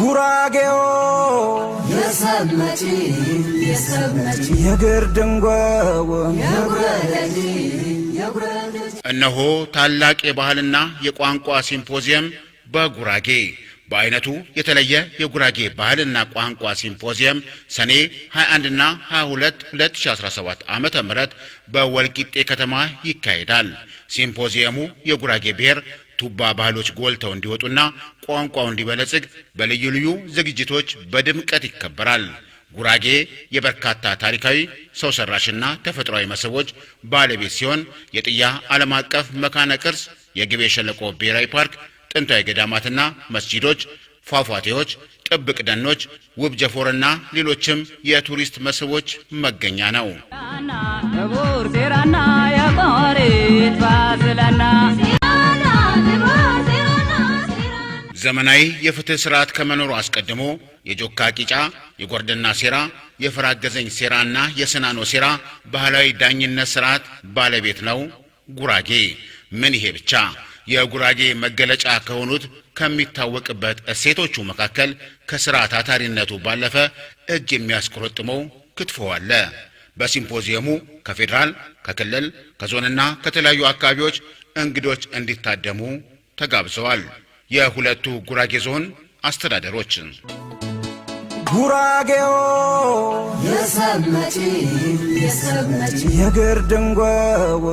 ጉራጌዎ የግርድንጎዎ እነሆ ታላቅ የባህልና የቋንቋ ሲምፖዚየም በጉራጌ በአይነቱ የተለየ የጉራጌ ባህልና ቋንቋ ሲምፖዚየም ሰኔ 21ና 22 2017 ዓ ም በወልቂጤ ከተማ ይካሄዳል። ሲምፖዚየሙ የጉራጌ ብሔር ቱባ ባህሎች ጎልተው እንዲወጡና ቋንቋው እንዲበለጽግ በልዩ ልዩ ዝግጅቶች በድምቀት ይከበራል። ጉራጌ የበርካታ ታሪካዊ ሰው ሰራሽና ተፈጥሯዊ መስህቦች ባለቤት ሲሆን የጥያ ዓለም አቀፍ መካነ ቅርስ፣ የግቤ ሸለቆ ብሔራዊ ፓርክ፣ ጥንታዊ ገዳማትና መስጂዶች፣ ፏፏቴዎች፣ ጥብቅ ደኖች፣ ውብ ጀፎርና ሌሎችም የቱሪስት መስህቦች መገኛ ነው። ዘመናዊ የፍትህ ስርዓት ከመኖሩ አስቀድሞ የጆካ ቂጫ፣ የጎርደና ሴራ፣ የፈራገዘኝ ሴራና የስናኖ ሴራ ባህላዊ ዳኝነት ስርዓት ባለቤት ነው ጉራጌ። ምን ይሄ ብቻ! የጉራጌ መገለጫ ከሆኑት ከሚታወቅበት እሴቶቹ መካከል ከስራ ታታሪነቱ ባለፈ እጅ የሚያስቆረጥመው ክትፎ አለ። በሲምፖዚየሙ ከፌዴራል ከክልል ከዞንና ከተለያዩ አካባቢዎች እንግዶች እንዲታደሙ ተጋብዘዋል። የሁለቱ ጉራጌ ዞን አስተዳደሮች ጉራጌዎ የሰመጪ የሰመጪ የግርድንጎዎ